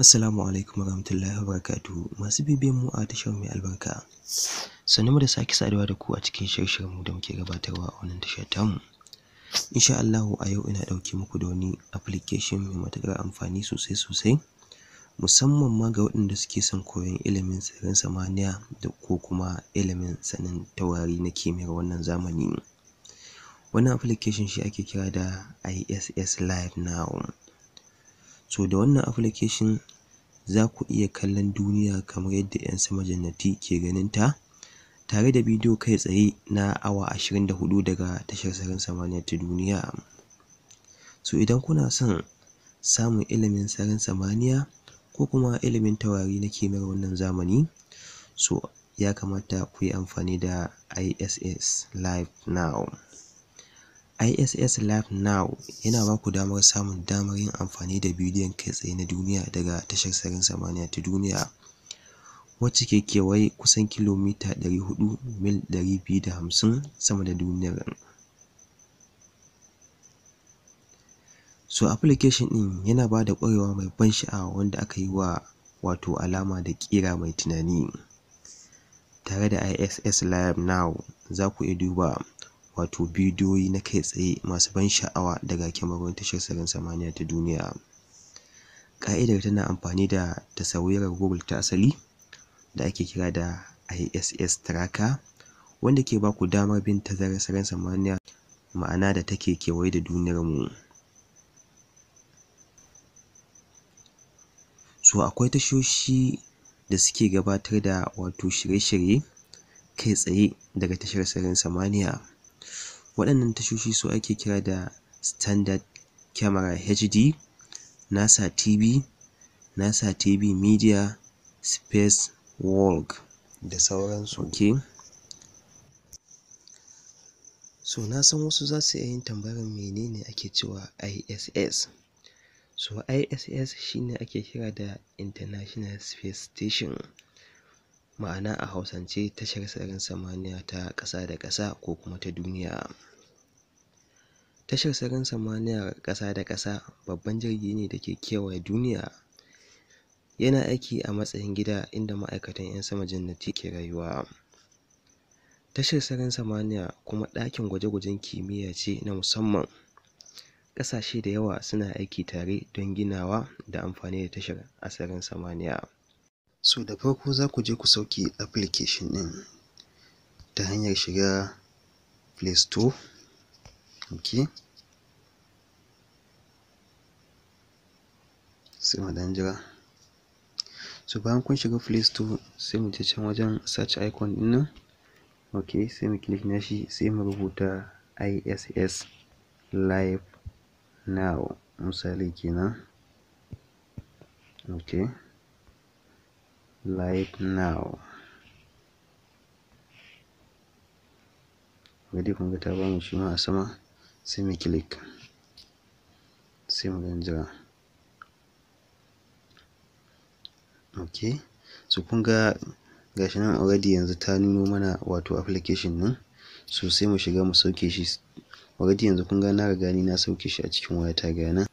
Assalamu alaikum warahmatullahi wabarakatuh masu bibiyan mu a tashar mai albarka sannu da sake saduwa da ku a cikin shirshirin mu da muke gabatarwa a wannan tashar mu insha Allah a yau ina dauke muku da wani application mai matakar amfani sosai sosai musamman ma ga waɗanda suke son koyon ilimin sirrin samaniya da ko kuma ilimin sanin taurari na kimiyyar wannan zamani wannan application shi ake kira da ISS Live Now So da wannan application za ku iya kallon duniya kamar yadda 'yan sama jannati ke ganin ta tare da bidiyo kai tsaye na awa 24 daga tashar sarin samaniya ta duniya. So idan kuna son samun ilimin sarin samaniya ko kuma ilimin taurari na kimiyyar wannan zamani so ya kamata ku yi amfani da ISS Live Now. ISS Live Now yana ba ku damar samun damar yin amfani da bidiyon kai tsaye na duniya daga tashar sararin samaniya ta duniya, wacce ke kewaye kusan kilomita huɗu (mil 250) sama da duniyar. So application ɗin yana ba da ƙwarewa mai ban sha'awa wanda aka yi wa wato alama da ƙira mai tunani. Tare da ISS Live Now, za ku iya duba wato bidiyoyi na kai tsaye masu ban sha'awa daga kyamarorin tashar sararin samaniya ta duniya. Ƙa'idar tana amfani da tasawirar Google ta asali da ake kira da ISS Tracker wanda ke baku ku damar bin tazarar sararin samaniya ma'ana da take kewaye da duniyarmu. So akwai tashoshi da suke gabatar da wato shirye-shirye kai tsaye daga tashar sararin samaniya. Waɗannan tashoshi su ake kira da standard camera HD, NASA TV, NASA TV Media, Space World da sauransu. Okay. So na san wasu za su iya yin tambayar menene ake cewa ISS. So ISS shine ake kira da International Space Station. ma'ana a hausance tashar sararin samaniya ta ƙasa da ƙasa ko kuma ta duniya tashar sararin samaniya ƙasa da ƙasa babban jirgi ne da ke kewaye duniya yana aiki a matsayin gida inda ma'aikatan 'yan sama jannati ke rayuwa tashar sararin samaniya kuma ɗakin gwaje-gwajen kimiyya ce na musamman ƙasashe da yawa suna aiki tare don ginawa da amfani da tashar a sararin samaniya so da farko za ku je ku sauke application ɗin ta hanyar shiga play store ok sai ma dan jira so bayan kun shiga play store sai mu je can wajen search icon din nan ok sai mu click na shi sai mu rubuta iss live now misali kenan okay like now gadi kun ga ta bamu shi ma a sama sai mu click sai mu dan jira okay so kun ga gashi nan already yanzu ta nuno mana wato application nan so sai mu shiga mu sauke shi already yanzu kun ga na riga ni na sauke shi a cikin wayata ga nan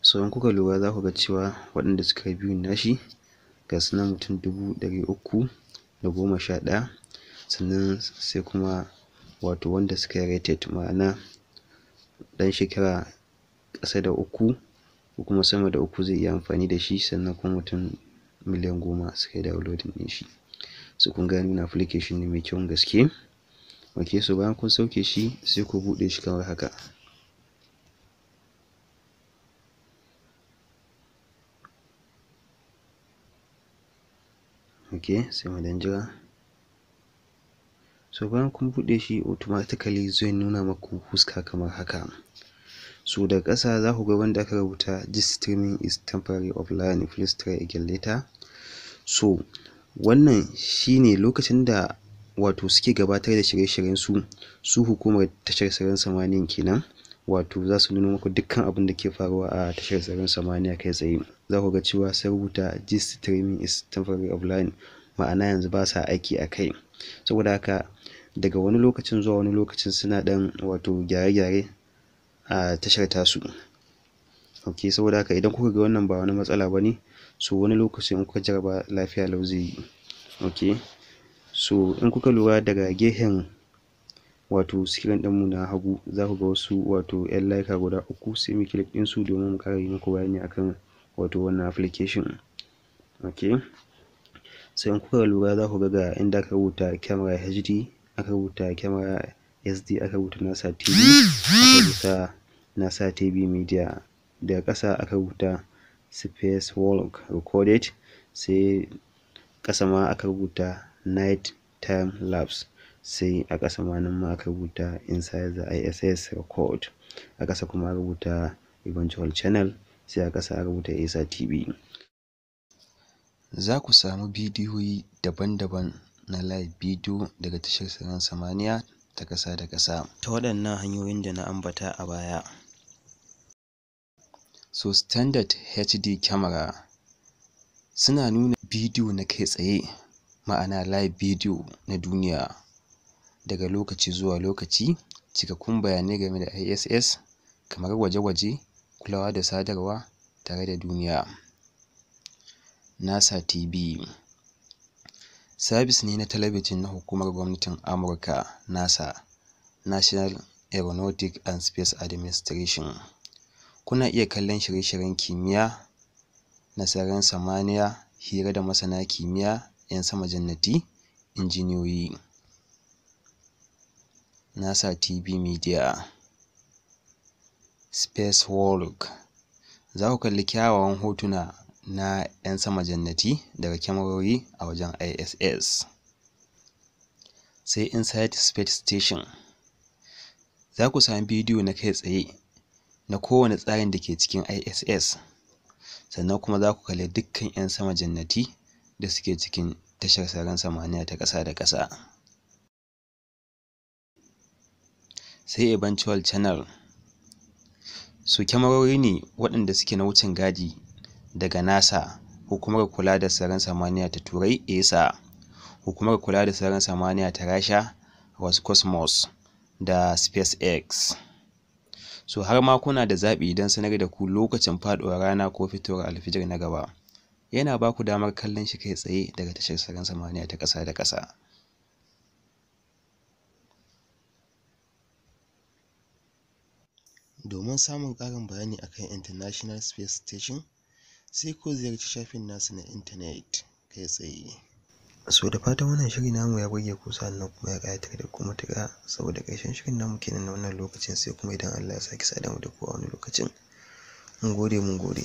so in kuka lura za ku ga cewa waɗanda suka biyu nashi ga su nan mutum dubu ɗari uku da goma sha ɗaya sannan sai kuma wato wanda suka yi rated ma'ana ɗan shekara ƙasa da uku ko kuma sama da uku zai iya amfani da shi sannan kuma mutum miliyan goma suka yi downloading ɗin shi su kun gani na application ne mai kyau gaske ok so bayan kun sauke shi sai ku buɗe shi kamar haka ok sai mu dan jira so bayan kun buɗe shi automatically zai nuna maku fuska kamar haka so daga ƙasa za ku ga wanda aka rubuta this streaming is temporary offline please try again later so wannan shine lokacin da wato suke gabatar da shirye-shiryen su su hukumar tashar sararin samaniyan kenan wato za su nuno maku dukkan abin da ke faruwa a tashar tsaron samaniya kai tsaye za ku ga cewa sai rubuta gist streaming is temporary offline ma'ana yanzu ba sa aiki a kai saboda haka daga wani lokacin zuwa wani lokacin suna dan wato gyare-gyare a tashar tasu ok saboda haka idan kuka ga wannan ba wani matsala ba ne so wani lokacin in kuka jaraba lafiya lau zai ok so in kuka lura daga gehen wato sikirin mu na hagu za ku ga wasu wato 'yan laika guda uku sai mu click su domin mu ƙara yi muku bayani akan wato wannan application ok sai in kuka lura za ku ga ga inda aka rubuta kyamara HD aka rubuta camera SD aka rubuta NASA TV aka rubuta NASA TV Media daga ƙasa aka rubuta Space Walk Recorded sai ƙasa ma aka rubuta Night Time Lapse sai a ƙasa ma nan ma aka rubuta inside the ISS record a ƙasa kuma aka rubuta eventual channel sai a ƙasa aka rubuta ESA TV za ku samu bidiyoyi daban-daban na live bidiyo daga tashar sararin samaniya ta ƙasa da ƙasa ta waɗannan hanyoyin da na ambata a baya so standard HD camera suna nuna bidiyo na kai tsaye ma'ana live bidiyo na duniya daga lokaci zuwa lokaci cikakkun bayanai game da ISS kamar gwaje-gwaje kulawa da sadarwa tare da duniya NASA TV sabis ne na talabijin na hukumar gwamnatin Amurka NASA National Aeronautic and Space Administration kuna iya kallon shirye-shiryen kimiyya na sararin samaniya hira da masana kimiyya 'yan sama jannati injiniyoyi nasa tv media space walk za ku kalli kyawawan hotuna na 'yan sama jannati daga kyamarori a wajen iss sai inside space station za ku sami bidiyo na kai tsaye na kowane tsarin da ke cikin iss sannan kuma za ku kalli dukkan 'yan sama jannati da suke cikin tashar saran samaniya ta ƙasa da ƙasa sai eventual channel su kyamarori ne waɗanda suke na wucin gadi daga nasa hukumar kula da sararin samaniya ta turai esa hukumar kula da sararin samaniya ta rasha roscosmos da spacex so har ma kuna da zaɓi don sanar da ku lokacin faɗuwar rana ko fitowar alfijir na gaba yana ba ku damar kallon shi kai tsaye daga tashar sararin samaniya ta ƙasa da ƙasa Domin samun ƙarin bayani akan International Space Station sai ko ziyarci shafin nasu na intanet kai tsaye. So da fatan wannan shiri namu ya burge ku nan kuma ya ƙayatar da ku matuƙa saboda ƙarshen shirin namu kenan na wannan lokacin sai kuma idan Allah ya saki sada mu da ku a wani lokacin. Mun gode mun gode.